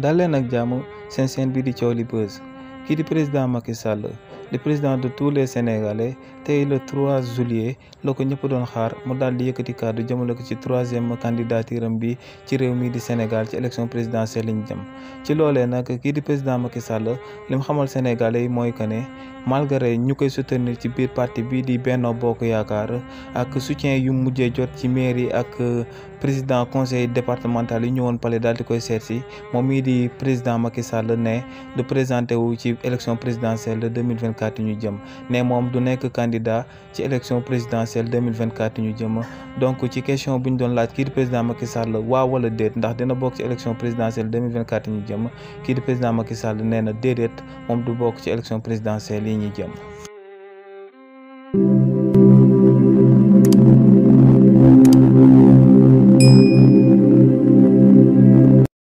dal leen ak jàmm seen seen bi di Thiowli Buzz kii di président Macky Sall di président de tous les sénégalais tey le trois juillet la ko ñëpp doon xaar mu daal di yëkkati kàddu jëmale ko ci troisième candidature am bi ci réew mii di Sénégal ci élection présidentielle liñ jëm ci loole nag kii di président Macky Sall li mu xamal sénégalais yi mooy que ne malgré ñu koy soutenir ci biir partie bi di Benno Bokk Yaakaar ak soutien yu mujjee jot ci mairie ak président conseil départemental yi ñëwoon pale daal di koy seet si moom mii di président Macky Sall ne de présenté wu ci élection présidentielle de 2024 2024 ñu jëm mais moom du nekk candidat ci élection présidentielle 2024 ñu jëm donc ci question bu ñu doon laaj kii di président Macky Sall waaw wala déet ndax dina bokk ci élection présidentielle 2024 ñu jëm kii di président Macky Sall nee na déedéet moom du bokk ci élection présidentielle yi ñu jëm.